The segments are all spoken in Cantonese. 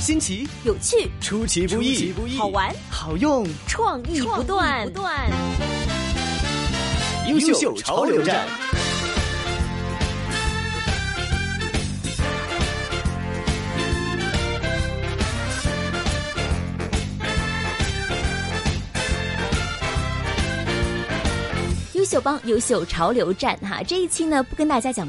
新奇、有趣、出其不意、好玩、好用、創意不斷、不斷。優秀潮流站，優秀幫優秀潮流站哈，這一期呢，不跟大家講。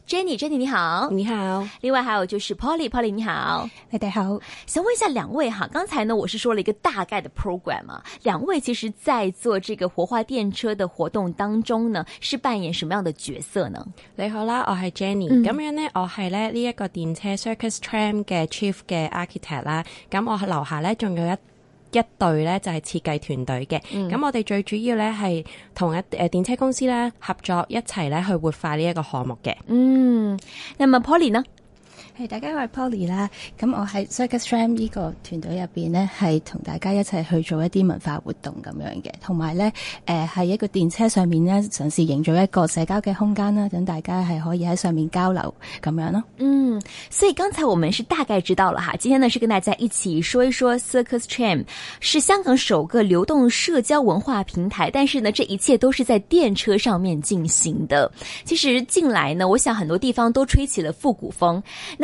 Jenny，Jenny Jenny，你好，你好。另外還有就是 Polly，Polly Polly，你好，大家好。想問一下兩位哈，剛才呢我是說了一個大概的 program 啊。兩位其實，在做這個活化電車的活動當中呢，是扮演什麼樣的角色呢？你好啦，我係 Jenny，嗯。咁樣呢，我係咧呢一個電車 circus tram 嘅 chief 嘅 architect 啦。咁我樓下呢，仲有一。一隊咧就係設計團隊嘅，咁、嗯、我哋最主要咧係同一誒電車公司咧合作一齊咧去活化呢一個項目嘅。嗯，咁啊，Pauline 呢？大家，我係 Poly l 啦，咁我喺 Circus Tram 呢個團隊入邊呢，係同大家一齊去做一啲文化活動咁樣嘅，同埋呢，誒、呃，喺一個電車上面呢，嘗試營造一個社交嘅空間啦，等大家係可以喺上面交流咁樣咯。嗯，所以剛才我們是大概知道了哈，今天呢是跟大家一起說一說 Circus Tram 是香港首個流動社交文化平台，但是呢，這一切都是在電車上面進行的。其實近來呢，我想很多地方都吹起了復古風，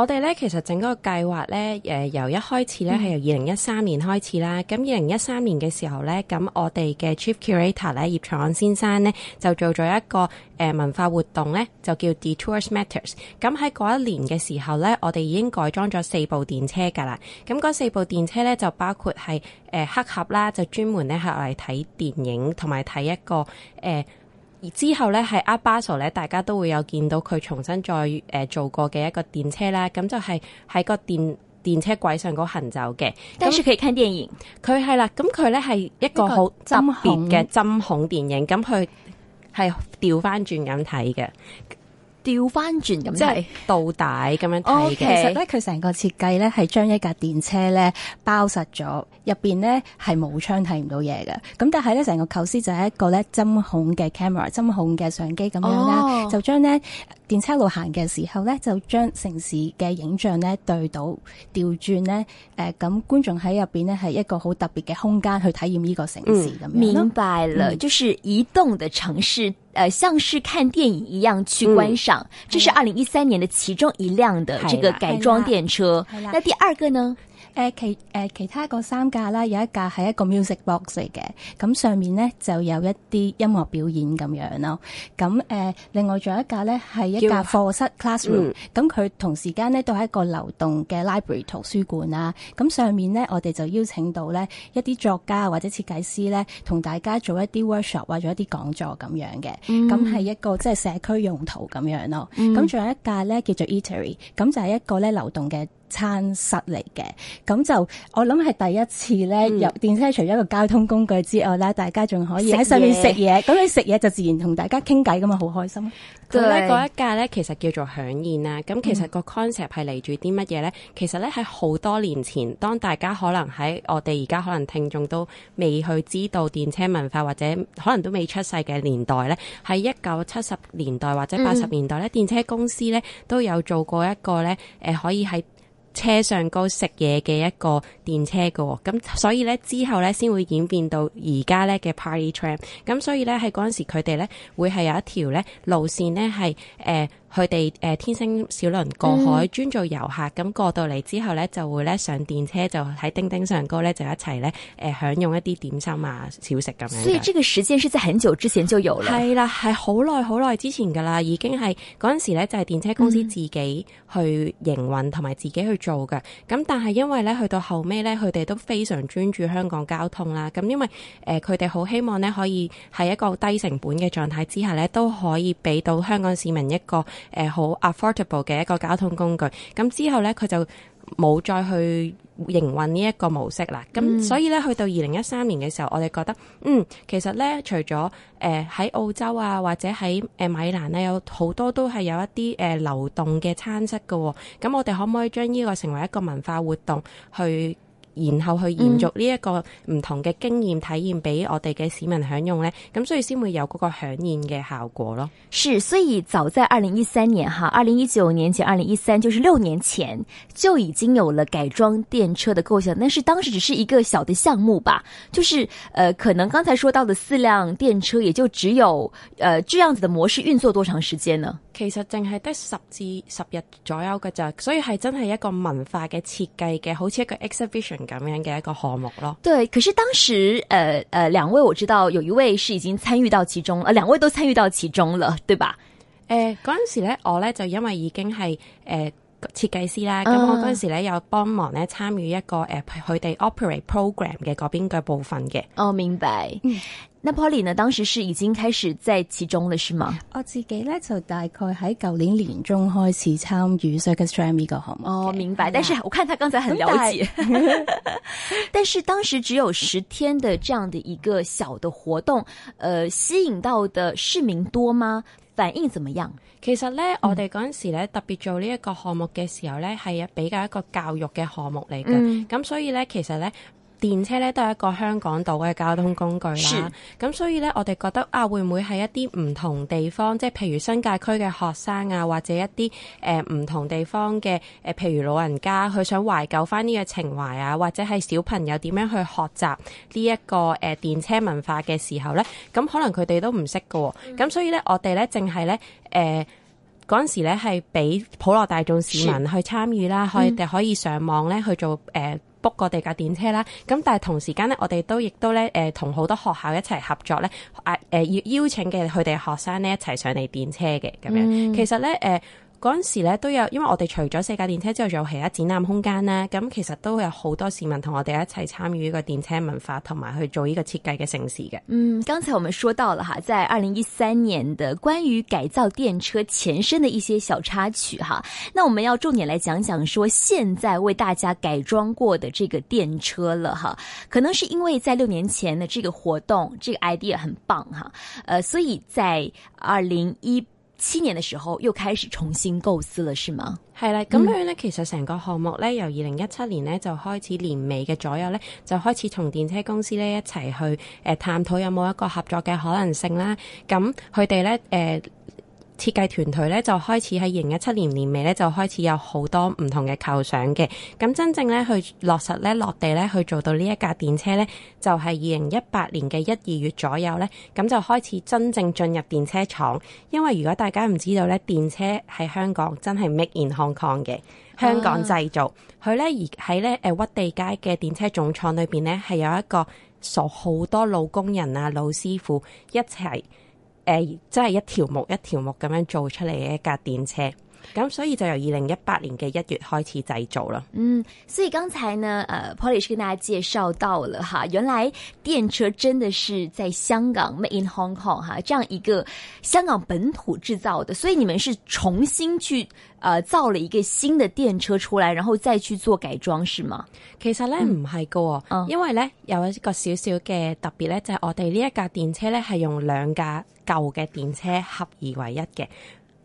我哋咧其實整嗰個計劃咧，誒由一開始咧係由二零一三年開始啦。咁二零一三年嘅時候咧，咁我哋嘅 Chief Curator 咧葉長安先生咧就做咗一個誒文化活動咧，就叫 Detours Matters。咁喺嗰一年嘅時候咧，我哋已經改裝咗四部電車噶啦。咁嗰四部電車咧就包括係誒黑盒啦，就專門咧係嚟睇電影同埋睇一個誒而之後咧，係阿巴索咧，大家都會有見到佢重新再、呃、做過嘅一個電車啦。咁就係喺個電電車軌上嗰行走嘅。跟住佢係睇電影，佢係啦。咁佢咧係一個好特別嘅針孔電影。咁佢係掉返轉咁睇嘅。調翻轉咁即係倒帶咁樣睇嘅。Okay，其實咧，佢成個設計咧係將一架電車咧包實咗，入邊咧係冇窗睇唔到嘢嘅。咁但係咧，成個構思就係一個咧針孔嘅 camera，針孔嘅相機咁樣啦，oh。就將呢電車路行嘅時候咧，就將城市嘅影像咧對到調轉咧。誒，咁、呃、觀眾喺入邊咧係一個好特別嘅空間去體驗呢個城市咁樣、嗯、明白喇、嗯，就是移動嘅城市。呃，像是看電影一樣去觀賞，嗯，這是二零一三年的其中一輛的這個改裝電車。那第二個呢？誒其誒其他嗰三架啦，有一架係一個 music box 嚟嘅，咁上面咧就有一啲音樂表演咁樣咯。咁誒，另外仲有一架咧係一架課室 classroom，咁、mm. 佢同時間咧都係一個流動嘅 library 圖書館啦。咁上面咧，我哋就邀請到咧一啲作家或者設計師咧，同大家做一啲 workshop 或者一啲講座咁樣嘅。咁、mm. 係一個即係社區用途咁樣咯。咁、mm. 仲有一架咧叫做 eatery，咁就係一個咧流動嘅餐室嚟嘅，咁就我諗係第一次呢，入電車除咗個交通工具之外呢、嗯，大家仲可以喺上面食嘢。咁你食嘢就自然同大家傾偈咁嘛，好開心。到呢嗰一屆呢，其實叫做響宴啦。咁其實個 concept 係嚟住啲乜嘢呢、嗯？其實呢，喺好多年前，當大家可能喺我哋而家可能聽眾都未去知道電車文化，或者可能都未出世嘅年代呢，喺一九七十年代或者八十年代呢、嗯，電車公司呢都有做過一個呢，誒可以喺車上高食嘢嘅一個電車嘅喎，咁所以咧，之後咧先會演變到而家咧嘅 party t r a i n。咁所以咧，喺嗰陣時佢哋咧會係有一條咧路線咧係誒。呃佢哋誒天星小輪過海，專做遊客。咁、嗯、過到嚟之後呢，就會咧上電車，就喺叮叮上高呢，就一齊呢，誒享用一啲點心啊、小食咁樣。所以這個時間是在很久之前就有了。係啦，係好耐好耐之前噶啦，已經係嗰陣時咧就係電車公司自己去營運同埋自己去做嘅。咁、嗯、但係因為呢，去到後尾呢，佢哋都非常專注香港交通啦。咁因為誒佢哋好希望呢，可以喺一個低成本嘅狀態之下呢，都可以俾到香港市民一個。誒、呃、好 affordable 嘅一個交通工具，咁之後呢，佢就冇再去營運呢一個模式啦。咁所以呢，去到二零一三年嘅時候，我哋覺得嗯其實呢，除咗誒喺澳洲啊或者喺米蘭呢、啊，有好多都係有一啲、呃、流動嘅餐室嘅、啊，咁我哋可唔可以將呢個成為一個文化活動去？然後去延續呢一個唔同嘅、經驗體驗俾我哋嘅市民享用呢，咁所以先會有嗰個響應嘅效果咯。是，所以早在二零一三年哈，二零一九年前，二零一三就是六年前就已經有了改裝電車的構想，但是當時只是一個小的項目吧。就是，呃，可能剛才說到的四輛電車，也就只有，呃，這樣子的模式運作多長時間呢？其實淨係得十至十日左右㗎咋，所以係真係一個文化嘅設計嘅，好似一個 exhibition 咁樣嘅一個項目咯。對，可是當時，誒、呃、誒，兩、呃、位我知道有一位是已經參與到其中，誒、呃，兩位都參與到其中了，對吧？誒、呃，嗰陣時咧，我咧就因為已經係誒設計師啦，咁、啊、我嗰陣時咧有幫忙咧參與一個誒佢哋 operate program 嘅嗰邊嘅部分嘅。哦，明白。 那 Polly 呢？當時是已經開始在其中了，是嗎？我自己咧就大概喺舊年年中開始參與 Circus Tram 呢個項目。哦、okay，明白、嗯。但是我看他剛才很了解但。 但是當時只有十天的這樣的一個小的活動，呃，吸引到的市民多嗎？反應怎麼樣？其實呢，我哋嗰陣時咧特別做呢一個項目嘅時候咧，係、嗯、比較一個教育嘅項目嚟嘅。嗯。咁所以咧，其實咧。電車咧都係一個香港島嘅交通工具啦，咁所以咧我哋覺得啊，會唔會係一啲唔同地方，即係譬如新界區嘅學生啊，或者一啲誒唔同地方嘅誒譬如老人家佢想懷舊翻呢個情懷啊，或者係小朋友點樣去學習呢、這、一個誒、呃、電車文化嘅時候咧，咁可能佢哋都唔識㗎喎，咁、嗯、所以咧我哋咧淨係咧誒嗰陣時咧係俾普羅大眾市民去參與啦、嗯，可以可以上網咧去做誒。呃 book 我哋架電車啦，咁但係同時間咧，我哋都亦都咧，誒同好多學校一齊合作咧，誒誒要邀請嘅佢哋學生咧一齊上嚟電車嘅咁樣，其實咧誒。呃嗰陣時咧都有，因為我哋除咗四架電車之外，仲有其他展覽空間呢，咁其實都有好多市民同我哋一齊參與呢個電車文化，同埋去做呢個設計嘅城市嘅。嗯，剛才我們說到了哈，在二零一三年的關於改造電車前身的一些小插曲哈，那我們要重點來講講，說現在為大家改裝過的這個電車了哈。可能是因為在六年前的這個活動，這個 idea 很棒哈，呃，所以在二零一。七年嘅時候又開始重新構思了，是嗎？係啦，咁樣咧，其實成個項目咧，由二零一七年咧就開始年尾嘅左右咧，就開始同電車公司咧一齊去誒、呃、探討有冇一個合作嘅可能性啦。咁佢哋咧誒。設計團隊咧就開始喺二零一七年年尾咧就開始有好多唔同嘅構想嘅，咁真正咧去落實咧落地咧去做到呢一架電車咧，就係二零一八年嘅一二月左右咧，咁就開始真正進入電車廠。因為如果大家唔知道咧，電車喺香港真係 make in Hong Kong 嘅，香港製造。佢、oh. 咧而喺咧誒屈地街嘅電車總廠裏面咧，係有一個熟好多老工人啊、老師傅一齊。誒，即係一條木一條木咁樣做出嚟嘅一架電車。咁所以就由二零一八年嘅一月開始製造啦。嗯，所以剛才呢，呃 Polly 是跟大家介紹到了哈，原來電車真的是在香港 made in Hong Kong 哈，這樣一個香港本土製造的，所以你們是重新去呃造了一個新的電車出來，然後再去做改裝，是嗎？其實呢，唔係噶，因為呢，有一個小小嘅特別呢，就係、是、我哋呢一架電車呢，係用兩架舊嘅電車合二為一嘅。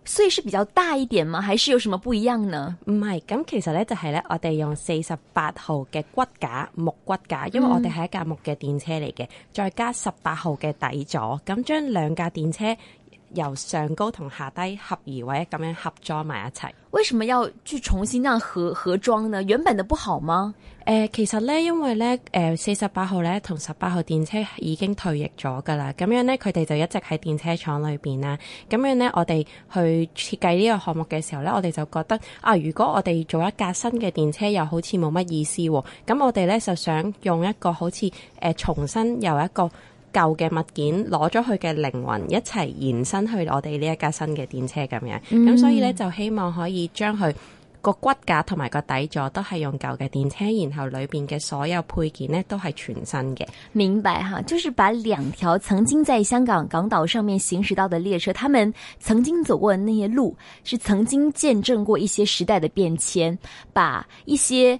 所以是比較大一點嗎？還是有什麼不一樣呢？唔係，咁其實呢，就係呢，我哋用四十八號嘅骨架木骨架，因為我哋係一架木嘅電車嚟嘅，再加十八號嘅底座，咁將兩架電車由上高同下低合而為咁樣合裝埋一齊。為什麼要去重新咁樣合合裝呢？原本嘅不好嗎？誒、呃，其實咧，因為咧，誒、呃，四十八號咧同十八號電車已經退役咗噶啦，咁樣咧，佢哋就一直喺電車廠裏邊啦。咁樣咧，我哋去設計呢個項目嘅時候咧，我哋就覺得啊，如果我哋做一架新嘅電車，又好似冇乜意思、啊。咁我哋咧就想用一個好似誒、呃，重新由一個舊嘅物件攞咗佢嘅靈魂一齊延伸去我哋呢一架新嘅電車咁樣。咁、嗯、所以咧就希望可以將佢。個骨架同埋個底座都係用舊嘅電車，然後裏邊嘅所有配件呢都係全新嘅。明白哈，就是把兩條曾經在香港港島上面行駛到嘅列車，他們曾經走過嘅那些路，是曾經見證過一些時代嘅變遷，把一些。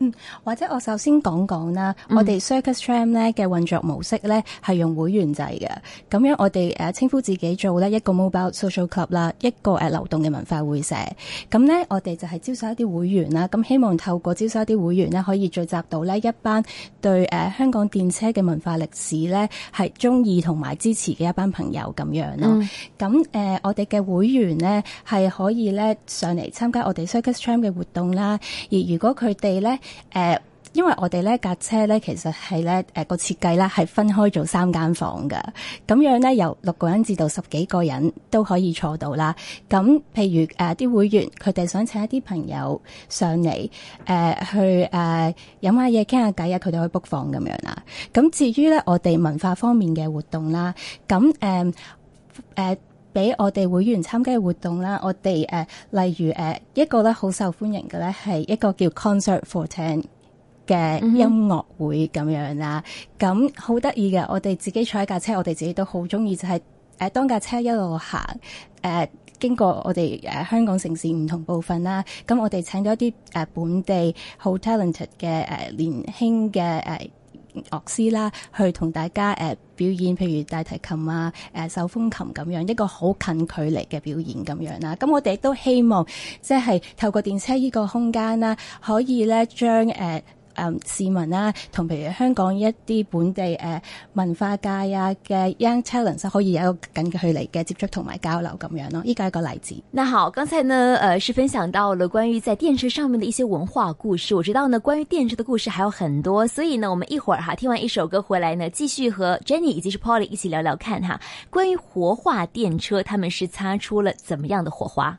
嗯，或者我首先講講啦、嗯，我哋 Circus Tram 咧嘅運作模式咧係用會員制嘅，咁樣我哋誒稱呼自己做咧一個 mobile social club 啦，一個誒流動嘅文化會社。咁咧我哋就係招收一啲會員啦，咁希望透過招收一啲會員咧，可以聚集到呢一班對誒香港電車嘅文化歷史咧係中意同埋支持嘅一班朋友咁樣咯。咁、嗯、誒我哋嘅會員咧係可以咧上嚟參加我哋 Circus Tram 嘅活動啦，而如果佢哋咧。誒、呃，因為我哋咧架車咧，其實係咧誒個設計咧係分開做三間房㗎，咁樣咧由六個人至到十幾個人都可以坐到啦。咁譬如誒啲、呃、會員，佢哋想請一啲朋友上嚟誒、呃、去誒飲下嘢傾下偈啊，佢哋去 book 房咁樣啦。咁至於咧我哋文化方面嘅活動啦，咁誒誒。呃呃俾我哋會員參加嘅活動啦，我哋誒、呃、例如誒、呃、一個咧好受歡迎嘅咧係一個叫 Concert for Ten 嘅音樂會咁樣啦，咁、mm -hmm. 好得意嘅，我哋自己坐一架車，我哋自己都好中意，就係、是、誒、呃、當架車一路行，誒、呃、經過我哋誒、呃、香港城市唔同部分啦，咁、呃嗯、我哋請咗一啲誒、呃、本地好 talented 嘅誒、呃、年輕嘅誒樂師啦、呃，去同大家誒。呃表演，譬如大提琴啊、誒、呃、手風琴咁樣，一個好近距離嘅表演咁樣啦。咁我哋亦都希望，即係透過電車依個空間啦，可以咧將誒。呃誒、嗯、市民啦、啊，同譬如香港一啲本地誒、呃、文化界啊嘅 young talents 可以有一個近距離嘅接觸同埋交流咁樣咯，依個係一個例子。那好，剛才呢，誒、呃、是分享到了關於在電車上面的一些文化故事。我知道呢，關於電車的故事還有很多，所以呢，我們一會兒哈、啊，聽完一首歌回來呢，繼續和 Jenny 以及是 Polly 一起聊聊看哈、啊，關於活化電車，他們是擦出了怎麼樣的火花？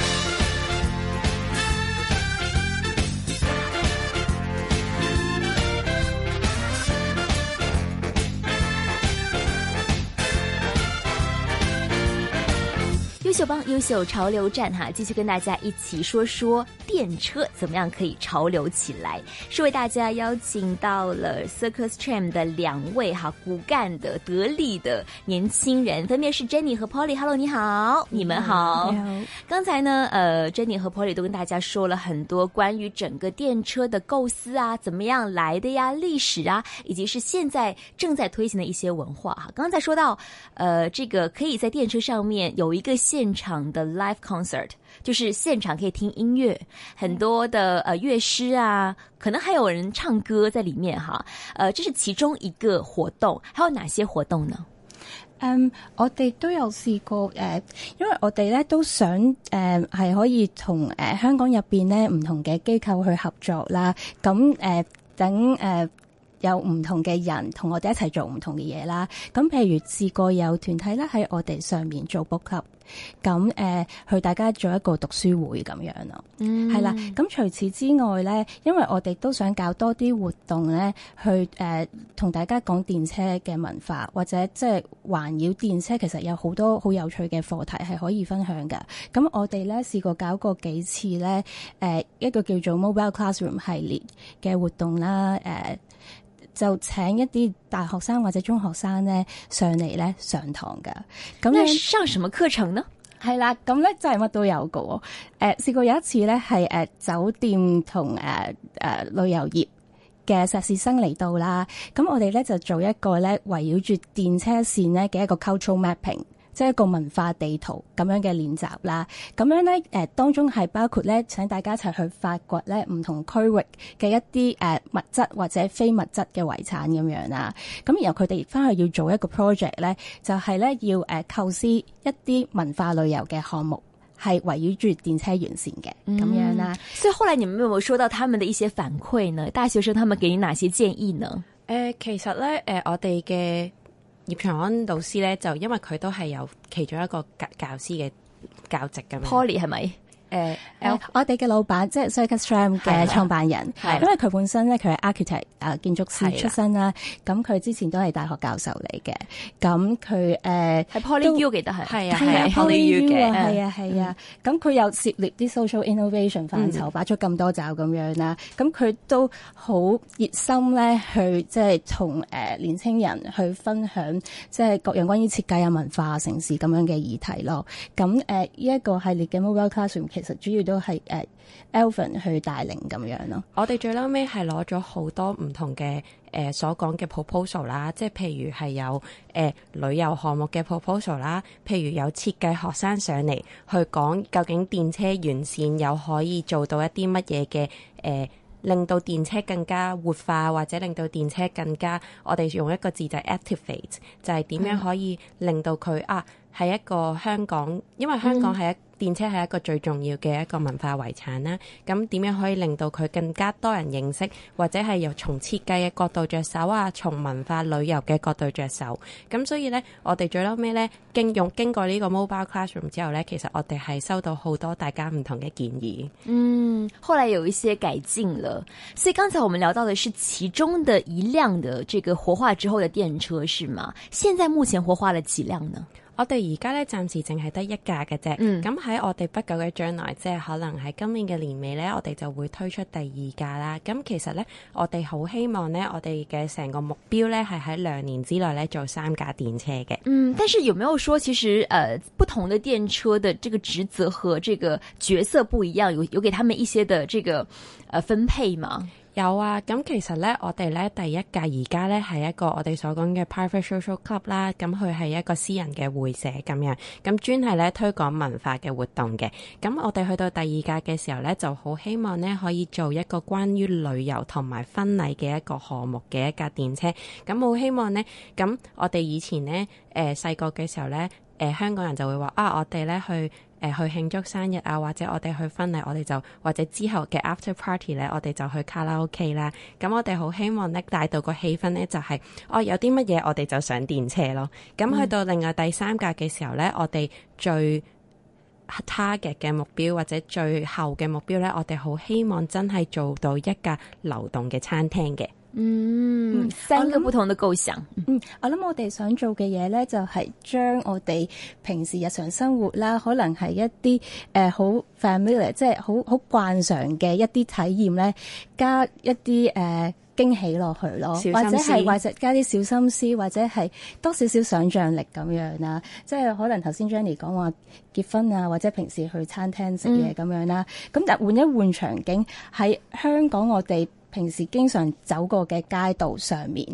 優秀幫優秀潮流站哈、啊，繼續跟大家一起說說電車怎麼樣可以潮流起來，是為大家邀請到了 Circus Tram 的兩位哈、啊、骨幹的得力的年輕人，分別是 Jenny 和 Polly。Hello，你好，你們好。Hello. 剛才呢，呃，Jenny 和 Polly 都跟大家說了很多關於整個電車的構思啊，怎麼樣來的呀，歷史啊，以及是現在正在推行的一些文化哈。剛才說到，呃，這個可以在電車上面有一個現現場的 live concert 就是現場可以聽音樂，很多的呃樂師啊，可能還有人唱歌在裏面哈。呃、啊，這是其中一個活動，還有哪些活動呢？嗯、um，我哋都有試過誒、呃，因為我哋咧都想誒係、呃、可以同誒、呃、香港入邊咧唔同嘅機構去合作啦。咁誒、呃、等誒、呃、有唔同嘅人同我哋一齊做唔同嘅嘢啦。咁譬如試過有團體啦，喺我哋上面做 book club。咁誒、呃，去大家做一個讀書會咁樣咯，係、嗯、啦。咁除此之外咧，因為我哋都想搞多啲活動咧，去誒同、呃、大家講電車嘅文化，或者即係環繞電車其實有好多好有趣嘅課題係可以分享嘅。咁我哋咧試過搞過幾次咧，誒、呃、一個叫做 Mobile Classroom 系列嘅活動啦，呃就請一啲大學生或者中學生咧上嚟咧上堂噶，咁你上什麼課程呢？係啦，咁咧就乜都有噶，誒，試過有一次咧係誒酒店同誒誒旅遊業嘅碩士生嚟到啦，咁我哋咧就做一個咧圍繞住電車線咧嘅一個 cultural mapping。即係一個文化地圖咁樣嘅練習啦，咁樣咧誒，當中係包括咧請大家一齊去發掘咧唔同區域嘅一啲誒物質或者非物質嘅遺產咁樣啦。咁然後佢哋返去要做一個 project 咧，就係、是、咧要誒構思一啲文化旅遊嘅項目，係圍繞住電車沿線嘅咁樣啦、嗯。所以後來你們有冇收到他們的一些反饋呢？大學生他們給你哪些建議呢？誒、呃，其實咧誒、呃，我哋嘅。葉長安老師咧，就因為佢都係有其中一個教教師嘅教職咁樣。Poly 係咪？誒、呃、誒、yeah. 啊、我哋嘅老闆即係 Circus Tram 嘅創辦人，yeah. 因為佢本身咧，佢係 architect 啊，建築師出身啦，咁、yeah. 佢、啊、之前都係大學教授嚟嘅，咁、啊、佢誒係、啊、PolyU 記得係係啊係啊 PolyU 嘅係啊係啊，咁佢又涉獵啲 social innovation 範疇，擺咗咁多招咁樣啦，咁、啊、佢都好熱心咧，去即係同誒年青人去分享即係、就是、各樣關於設計啊、文化成事啊、城市咁樣嘅議題咯，咁誒呢一個系列嘅 Mobile Classroom 其實主要都係誒 Alvin、uh, 去大嶺咁樣咯。我哋最嬲尾係攞咗好多唔同嘅、呃、所講嘅 proposal 啦，即係譬如係有、呃、旅遊項目嘅 proposal 啦，譬如有設計學生上嚟去講究竟電車完善又可以做到一啲乜嘢嘅、呃、令到電車更加活化，或者令到電車更加，我哋用一個字就係 activate，就係點樣可以令到佢、嗯、啊係一個香港，因為香港係一個、嗯電車係一個最重要嘅一個文化遺產啦，咁點樣可以令到佢更加多人認識，或者係由從設計嘅角度着手啊，從文化旅遊嘅角度着手，咁所以呢，我哋最後尾呢，經用經過呢個 mobile classroom 之後呢，其實我哋係收到好多大家唔同嘅建議。嗯，後來有一些改進了。所以剛才我們聊到嘅是其中的一輛嘅這個活化之後嘅電車，是嗎？現在目前活化了幾輛呢？我哋而家咧，暫時淨係得一架嘅啫。咁、嗯、喺我哋不久嘅將來，即係可能喺今年嘅年尾咧，我哋就會推出第二架啦。咁其實咧，我哋好希望咧，我哋嘅成個目標咧，係喺兩年之內咧做三架電車嘅。嗯，但是有冇有說，其實誒、呃，不同的電車的這個職責和這個角色不一樣，有有給他們一些的這個誒、呃、分配嘛？有啊，咁其實咧，我哋咧第一屆而家咧係一個我哋所講嘅 Private Social Club 啦，咁佢係一個私人嘅會社咁樣，咁專係咧推廣文化嘅活動嘅。咁我哋去到第二屆嘅時候咧，就好希望咧可以做一個關於旅遊同埋婚禮嘅一個項目嘅一架電車。咁好希望咧，咁我哋以前咧，誒細個嘅時候咧，呃，香港人就會話啊，我哋咧去。誒去慶祝生日啊，或者我哋去婚禮，我哋就或者之後嘅 after party 咧，我哋就去卡拉 OK 啦。咁我哋好希望呢帶到個氣氛呢，就係、是、哦有啲乜嘢我哋就上電車咯。咁去到另外第三屆嘅時候呢、嗯，我哋最 target 嘅目標或者最後嘅目標呢，我哋好希望真係做到一間流動嘅餐廳嘅。嗯，三個不同的構想。嗯，我諗我哋想做嘅嘢咧，就係將我哋平時日常生活啦，可能係一啲誒好 family 即係好好慣常嘅一啲體驗咧，加一啲誒驚喜落去咯，或者係或者加啲小心思，或者係多少少想象力咁樣啦。即係可能頭先 Jenny 講話結婚啊，或者平時去餐廳食嘢咁樣啦。咁，嗯，但係換一換場景喺香港，我哋。平時經常走過嘅街道上面，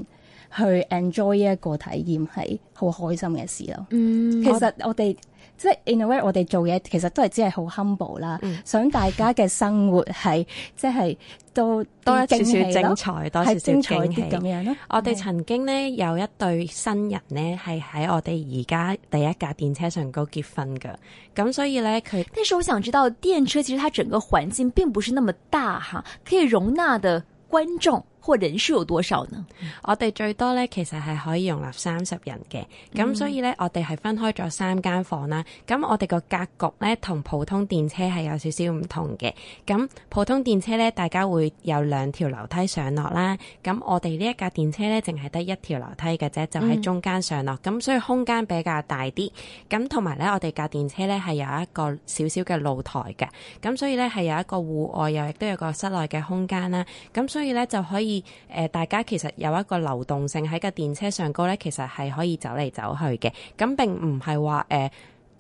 去 enjoy 一個體驗，係好開心嘅事咯。嗯，其實我哋。即係 in a way 我哋做嘢其實都係只係好 humble 啦，嗯，想大家嘅生活係 即係都多一少少精彩，多少少驚喜咁樣咧。我哋曾經咧有一對新人咧係喺我哋而家第一架電車上高結婚㗎，咁所以咧佢。但是我想知道電車其實它整個環境並不是那麼大哈，可以容納的觀眾。人數有多少呢？我哋最多咧，其實係可以容納三十人嘅。咁、嗯、所以咧，我哋係分開咗三間房啦。咁、嗯、我哋個格局咧，同普通電車係有少少唔同嘅。咁普通電車咧，大家會有兩條樓梯上落啦。咁我哋呢一架電車咧，淨係得一條樓梯嘅啫，就喺中間上落。咁、嗯、所以空間比較大啲。咁同埋咧，我哋架電車咧係有一個少少嘅露台嘅。咁所以咧係有一個戶外又亦都有個室內嘅空間啦。咁所以咧就可以。誒，大家其實有一個流動性喺架電車上高咧，其實係可以走嚟走去嘅，咁並唔係話誒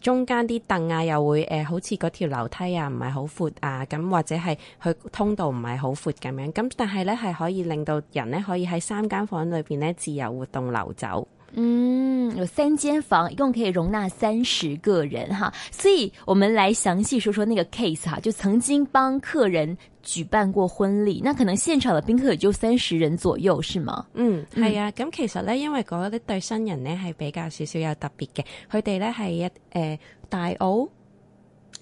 中間啲凳啊，又會誒好似嗰條樓梯啊，唔係好闊啊，咁或者係佢通道唔係好闊咁樣，咁但係咧係可以令到人咧可以喺三間房裏邊咧自由活動流走。嗯。有三間房，一共可以容納三十個人哈，所以我們來詳細說說那個 case 哈，就曾經幫客人舉辦過婚禮，那可能現場的賓客也就三十人左右是嗎？嗯，係、嗯、啊，咁其實呢，因為嗰一對新人呢，係比較少少有特別嘅，佢哋呢係一誒大澳。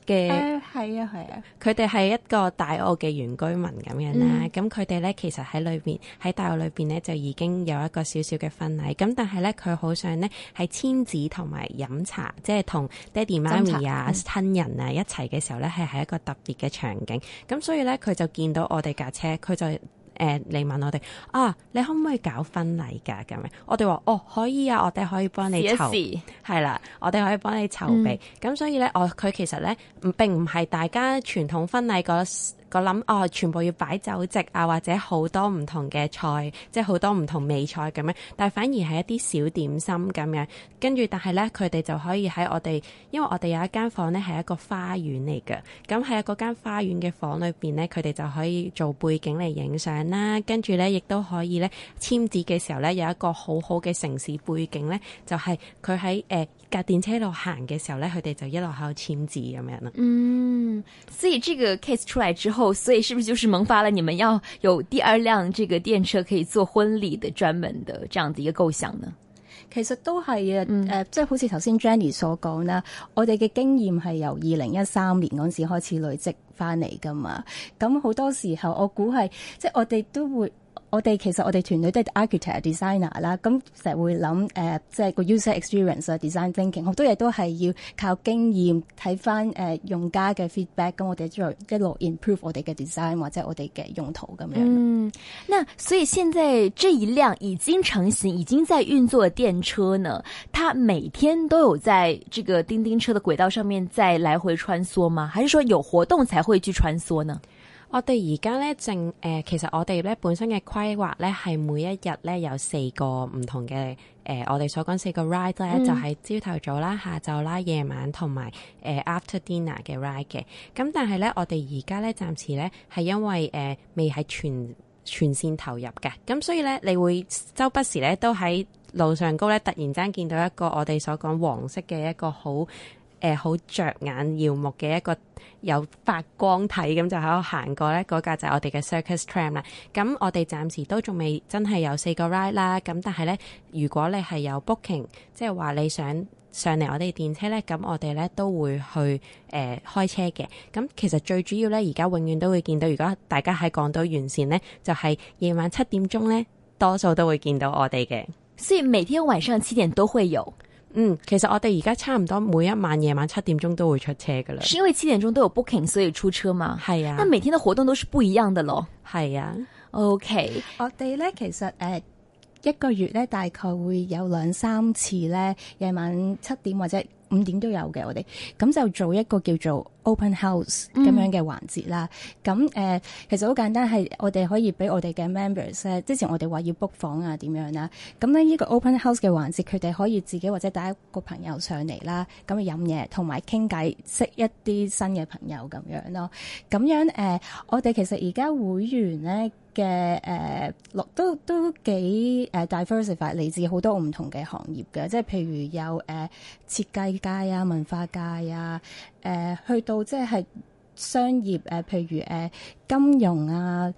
嘅，係啊，係啊，佢哋係一個大澳嘅原居民咁樣啦，咁佢哋咧其實喺裏邊喺大澳裏邊咧就已經有一個少少嘅婚禮，咁但係咧佢好想咧係簽紙同埋飲茶，即係同爹哋媽咪啊親人啊一齊嘅時候咧係喺一個特別嘅場景，咁、嗯、所以咧佢就見到我哋架車，佢就。誒、嗯，你問我哋啊，你可唔可以搞婚禮㗎、啊？咁樣我哋話哦，可以啊，我哋可以幫你籌，係、yes. 啦，我哋可以幫你籌備。咁、嗯、所以咧，我佢其實咧並唔係大家傳統婚禮、個。個諗哦，全部要擺酒席啊，或者好多唔同嘅菜，即係好多唔同味菜咁樣，但係反而係一啲小點心咁樣。跟住，但係咧，佢哋就可以喺我哋，因為我哋有一間房咧係一個花園嚟嘅。咁喺嗰間花園嘅房裏面咧，佢哋就可以做背景嚟影相啦。跟住咧，亦都可以咧簽字嘅時候咧，有一個好好嘅城市背景咧，就係佢喺誒架電車度行嘅時候咧，佢哋就一路喺度簽字咁樣啦。嗯，所以這個 case 出嚟之後，所以是不是就是萌發了你們要有第二輛這個電車可以做婚禮的專門的這樣子一個構想呢？其實都係啊，誒、嗯，即、呃、係、就是、好似頭先 Jenny 所講啦，我哋嘅經驗係由二零一三年嗰陣時開始累積翻嚟噶嘛。咁好多時候我估係，即、就、係、是、我哋都會。我哋其實我哋團隊都係 architect、designer 啦，咁成日會諗誒、呃，即係個 user experience、design thinking 好多嘢都係要靠經驗睇返誒用家嘅 feedback，咁我哋就一路 improve 我哋嘅 design 或者我哋嘅用途咁樣。嗯，那所以現在這一輛已經成型、已經在運作的電車呢，它每天都有在這個叮叮車的軌道上面再來回穿梭嗎？還是說有活動才會去穿梭呢？我哋而家咧，正、呃、誒，其實我哋咧本身嘅規劃咧，係每一日咧有四個唔同嘅誒、呃，我哋所講四個 ride 咧、嗯，就係朝頭早啦、下晝啦、夜晚同埋誒 after dinner 嘅 ride 嘅。咁但係咧，我哋而家咧暫時咧係因為誒、呃、未喺全全線投入嘅，咁所以咧，你會周不時咧都喺路上高咧，突然間見到一個我哋所講黃色嘅一個好誒、呃，好着眼耀目嘅一個有發光體咁就喺度行過，呢嗰架，那個、就係我哋嘅 Circus tram 啦。咁我哋暫時都仲未真係有四個 ride 啦。咁但係呢，如果你係有 booking，即係話你想上嚟我哋電車呢，咁我哋呢都會去誒、呃、開車嘅。咁其實最主要呢，而家永遠都會見到，如果大家喺港島沿綫呢，就係、是、夜晚七點鐘呢，多數都會見到我哋嘅。所以每天晚上七點都會有。嗯，其實我哋而家差唔多每一晚夜晚七點鐘都會出車噶啦。是因為七點鐘都有 booking，所以出車嘛。係啊，但每天嘅活動都是不一樣的咯。係啊，OK，我哋咧其實誒一個月咧大概會有兩三次咧夜晚七點或者，五點都有嘅，我哋咁就做一個叫做 open house 咁樣嘅環節啦。咁、嗯、誒、呃，其實好簡單，係我哋可以俾我哋嘅 members 即係之前我哋話要 book 房啊，點樣啦？咁咧呢個 open house 嘅環節，佢哋可以自己或者帶一個朋友上嚟啦，咁去飲嘢同埋傾偈，識一啲新嘅朋友咁樣咯。咁樣誒、呃，我哋其實而家會員咧。嘅誒，六、呃、都都幾誒 diversify，嚟自好多唔同嘅行業嘅，即係譬如有誒、呃、設計界啊、文化界啊，誒、呃、去到即係係商業誒、呃，譬如誒、呃、金融啊。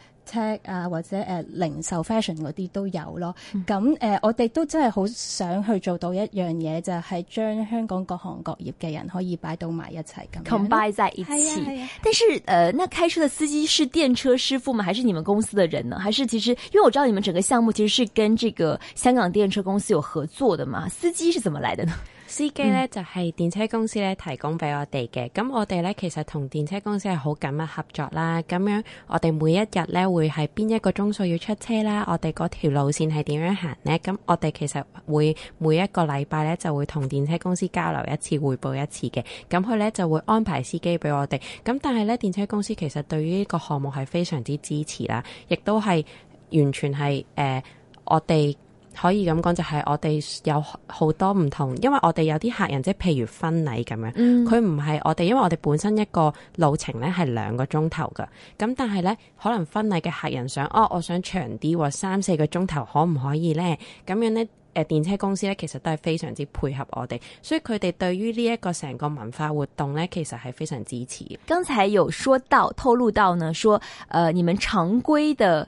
啊，或者誒零售 fashion 嗰啲都有咯。咁誒、呃，我哋都真係好想去做到一樣嘢，就係、是、將香港各行各業嘅人可以擺到埋一齊，咁 combine 在一起。是啊是啊、但是誒、呃，那開車的司機是電車師傅嗎？還是你們公司的人呢？還是其實，因為我知道你們整個項目其實是跟這個香港電車公司有合作的嘛，司機是怎麼來的呢？司機咧就係電車公司咧提供俾我哋嘅，咁、嗯、我哋咧其實同電車公司係好緊密合作啦。咁樣我哋每一日咧會喺邊一個鐘數要出車啦，我哋嗰條路線係點樣行呢？咁我哋其實會每一個禮拜咧就會同電車公司交流一次，匯報一次嘅。咁佢咧就會安排司機俾我哋。咁但係咧電車公司其實對於呢個項目係非常之支持啦，亦都係完全係誒、呃、我哋。可以咁講，就係、是，我哋有好多唔同。因為我哋有啲客人，即係譬如婚禮咁樣，佢唔係我哋，因為我哋本身一個路程咧係兩個鐘頭㗎。咁但係咧可能婚禮嘅客人想哦，我想長啲，話三四個鐘頭可唔可以咧？咁樣咧，誒電車公司咧其實都係非常之配合我哋，所以佢哋對於呢一個成個文化活動咧，其實係非常支持。剛才有說到透露到呢，說，誒、呃，你們常規的。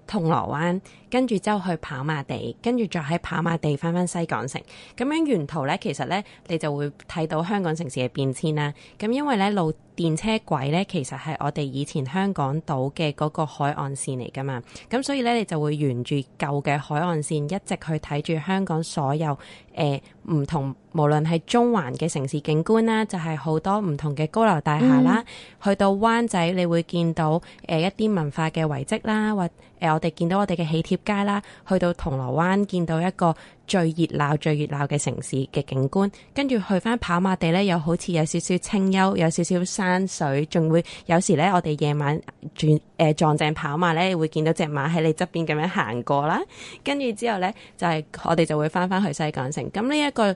銅鑼灣，跟住之後去跑馬地，跟住再喺跑馬地翻返返西港城，咁樣沿途呢，其實呢，你就會睇到香港城市嘅變遷啦。咁因為呢，路電車軌呢，其實係我哋以前香港島嘅嗰個海岸線嚟㗎嘛。咁所以呢，你就會沿住舊嘅海岸線一直去睇住香港所有誒、呃、唔同，無論係中環嘅城市景觀啦，就係、是、好多唔同嘅高樓大廈啦、嗯。去到灣仔，你會見到、呃、一啲文化嘅遺跡啦，或誒，我哋見到我哋嘅喜帖街啦，去到銅鑼灣見到一個，最熱鬧、最熱鬧嘅城市嘅景觀，跟住去返跑馬地呢，又好似有少少清幽，有少少山水，仲會有時呢，我哋夜晚轉誒、呃、撞正跑馬呢，會見到隻馬喺你側邊咁樣行過啦。跟住之後呢，就係、是、我哋就會返返去西港城。咁呢一個誒係、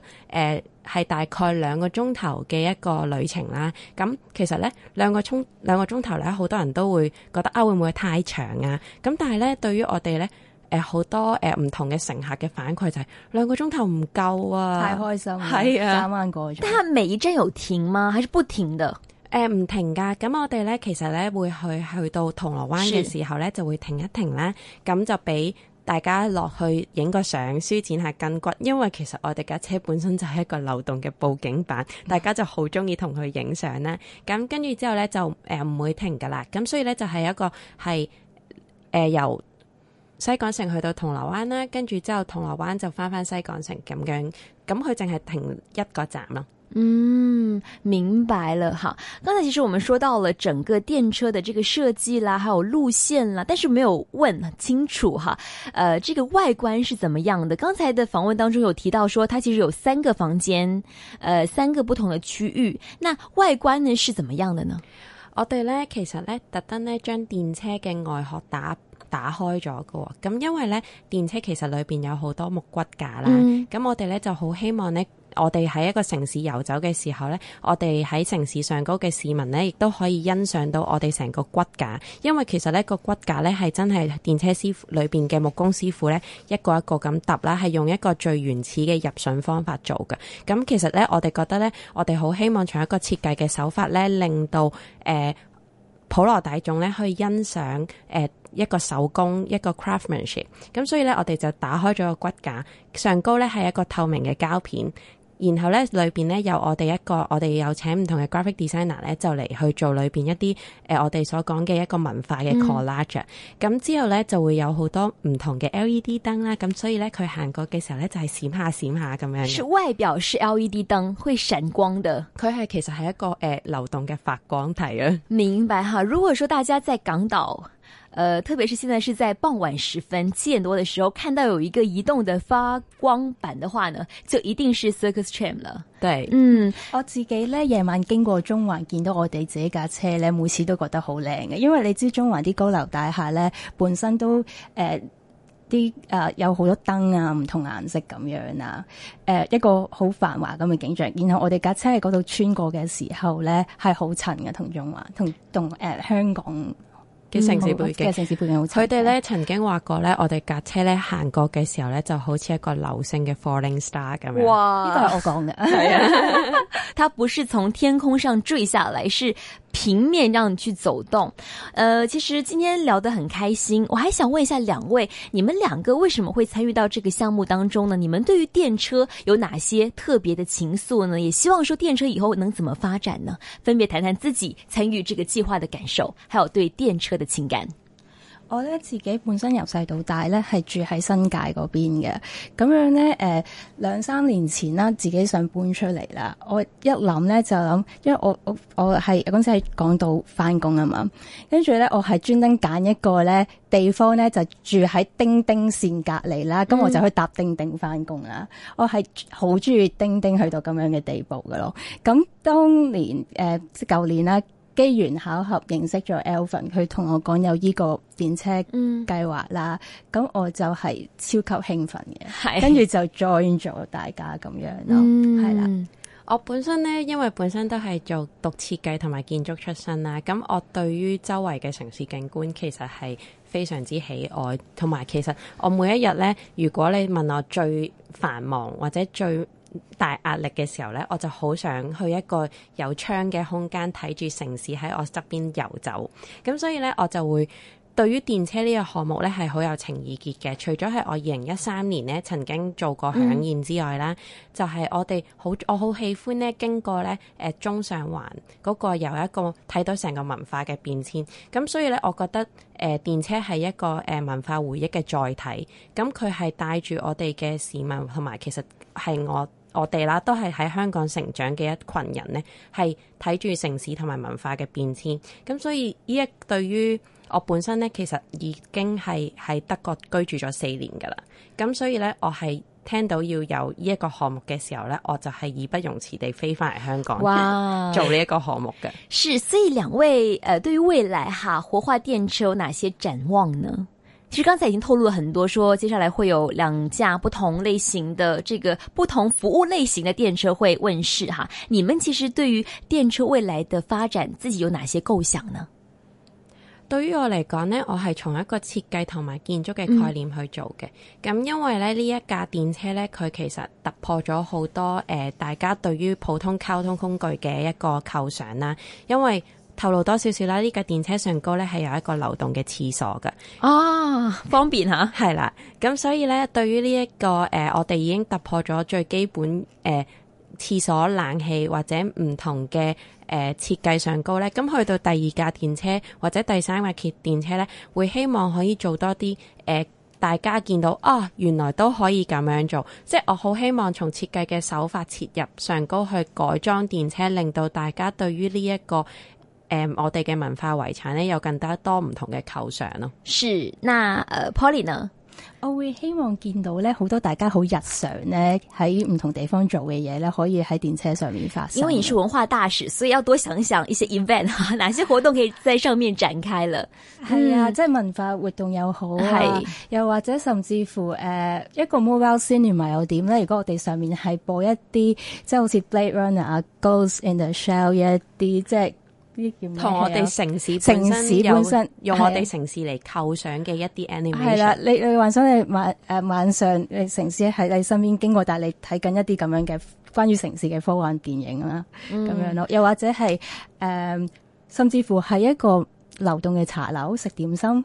呃、大概兩個鐘頭嘅一個旅程啦。咁其實呢，兩個鐘兩個鐘頭呢，好多人都會覺得啊，會唔會太長啊？咁但係呢，對於我哋呢。誒、呃，好多誒唔、呃、同嘅乘客嘅反饋就係、是、兩個鐘頭唔夠啊！太開心，係啊，三彎過。但係每一站有停嗎？係是不停嘅？誒、呃，唔停噶。咁我哋咧，其實咧會去去到銅鑼灣嘅時候咧，就會停一停啦。咁就俾大家落去影個相，舒展下筋骨。因為其實我哋架車本身就係一個流動嘅布景板、嗯，大家就好中意同佢影相啦，咁跟住之後咧就誒唔會停噶啦。咁所以咧就係一個係誒、呃、由。西港城去到銅鑼灣啦，跟住之後銅鑼灣就返返西港城咁樣，咁佢淨係停一個站咯。嗯，明白了哈。剛才其實我們說到了整個電車的這個設計啦，還有路線啦，但是沒有問清楚哈。呃，這個外觀是怎麼樣的？剛才的訪問當中有提到說，它其實有三個房間，呃，三個不同的區域。那外觀呢，是怎麼樣的呢？我哋呢，其實呢，特登呢，將電車嘅外殼打。打開咗喎。咁，因為呢電車其實裏面有好多木骨架啦。咁、嗯、我哋呢就好希望呢，我哋喺一個城市遊走嘅時候呢，我哋喺城市上高嘅市民呢，亦都可以欣賞到我哋成個骨架。因為其實呢個骨架呢，係真係電車師傅裏面嘅木工師傅呢一個一個咁揼啦，係用一個最原始嘅入榫方法做嘅。咁其實呢，我哋覺得呢，我哋好希望從一個設計嘅手法呢，令到誒、呃、普羅大眾呢，可以欣賞、呃一個手工一個 craftsmanship，咁所以咧我哋就打開咗個骨架上高咧係一個透明嘅膠片，然後咧裏邊咧有我哋一個我哋有請唔同嘅 graphic designer 咧就嚟去做裏邊一啲、呃、我哋所講嘅一個文化嘅 collage，咁、嗯、之後咧就會有好多唔同嘅 LED 燈啦，咁所以咧佢行過嘅時候咧就係、是、閃下閃下咁樣。是外表是 LED 燈會閃光的，佢係其實係一個、呃、流動嘅發光體啊。明白哈，如果說大家在港島呃，特別是現在是在傍晚時分七點多的時候，看到有一個移動的發光板的話呢，就一定是 Circus Tram 了。對，嗯，我自己呢，夜晚經過中環，見到我哋自己架車呢，每次都覺得好靚嘅，因為你知中環啲高樓大廈呢，本身都誒啲誒有好多燈啊，唔同顏色咁樣啊，誒、呃、一個好繁華咁嘅景象。然後我哋架車喺嗰度穿過嘅時候呢，係好襯嘅，同中環同同誒香港，城市背景，佢哋呢，曾經話過呢、嗯、我哋架車呢行過嘅時候呢就好似一個流星嘅 falling star 咁樣。哇！呢 個係我講嘅。它 不是從天空上墜下來，是平面讓你去走動。呃，其實今天聊得很開心，我還想問一下兩位，你們兩個為什麼會參與到這個項目當中呢？你們對於電車有哪些特別的情愫呢？也希望說電車以後能怎麼發展呢？分別談談自己參與這個計劃的感受，還有對電車的。前我咧自己本身由細到大咧係住喺新界嗰邊嘅，咁樣咧，誒兩三年前啦，自己想搬出嚟啦。我一諗咧就諗，因為我我我係嗰時喺港島翻工啊嘛，跟住咧我係專登揀一個咧地方咧就住喺叮叮線隔籬啦，咁我就去搭叮叮翻工啦。嗯、我係好中意叮叮去到咁樣嘅地步噶咯。咁當年誒舊年啦機緣巧合認識咗 Alvin，佢同我講有呢個電車計劃啦，咁、嗯、我就係超級興奮嘅，跟住就 join 咗大家咁、嗯、樣咯，係啦。我本身呢，因為本身都係做讀設計同埋建築出身啦，咁我對於周圍嘅城市景觀其實係非常之喜愛，同埋其實我每一日呢，如果你問我最繁忙或者最大壓力嘅時候咧，我就好想去一個有窗嘅空間睇住城市喺我側邊遊走。咁所以咧，我就會對於電車呢個項目咧係好有情意結嘅。除咗係我二零一三年咧曾經做過響宴之外啦、嗯，就係、是、我哋好我好喜歡咧經過咧誒中上環嗰個有一個睇到成個文化嘅變遷。咁所以咧，我覺得誒電車係一個誒文化回憶嘅載體。咁佢係帶住我哋嘅市民同埋，其實係我。我哋啦，都係喺香港成長嘅一群人呢，係睇住城市同埋文化嘅變遷。咁所以呢一對於我本身呢，其實已經係喺德國居住咗四年噶啦。咁所以呢，我係聽到要有呢一個項目嘅時候呢，我就係義不容辭地飛翻嚟香港，哇、wow.！做呢一個項目嘅。 是，所以兩位誒，對於未來哈活化電車有哪些展望呢？其實剛才已經透露了很多，說接下來會有兩架不同類型的這個不同服務類型的電車會問世哈。你們其實對於電車未來的發展，自己有哪些構想呢？對於我嚟講呢，我係從一個設計同埋建築嘅概念去做嘅。咁、嗯、因為咧呢一架電車咧，佢其實突破咗好多誒，大家對於普通交通工具嘅一個構想啦，因為。透露多少少啦？呢架電車上高呢係有一個流動嘅廁所㗎，哦，方便吓。係 啦，咁所以呢，對於呢一個誒、呃，我哋已經突破咗最基本誒廁、呃、所冷氣或者唔同嘅誒設計上高呢，咁去到第二架電車或者第三架電車呢，會希望可以做多啲誒、呃，大家見到啊、哦，原來都可以咁樣做，即係我好希望從設計嘅手法切入上高去改裝電車，令到大家對於呢一個。誒、um,，我哋嘅文化遺產咧有更加多唔同嘅構想咯。是，那誒、uh,，Paulina，我會希望見到咧好多大家好日常咧喺唔同地方做嘅嘢咧，可以喺電車上面發生。因為你是文化大使，所以要多想一想一些 event 啊，哪些活動可以喺上面展開啦？係 啊，即係文化活動又好、啊，係又或者甚至乎誒、uh, 一個 mobile cinema 又點咧？如果我哋上面係播一啲即係好似 Blade Runner 啊，Ghost in the Shell 一啲即係。同我哋城市城市本身，市本身用我哋城市嚟構想嘅一啲 animation，係啦，你你幻想你晚誒晚上你城市喺你身邊經過，但係你睇緊一啲咁樣嘅關於城市嘅科幻電影啦，咁、嗯、樣咯，又或者係誒、呃，甚至乎係一個流動嘅茶樓，食點心。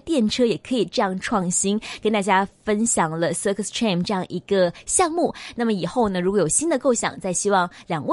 電車也可以這樣創新，跟大家分享了 Circus Train 這樣一個項目。那麼以後呢，如果有新的構想，再希望兩位。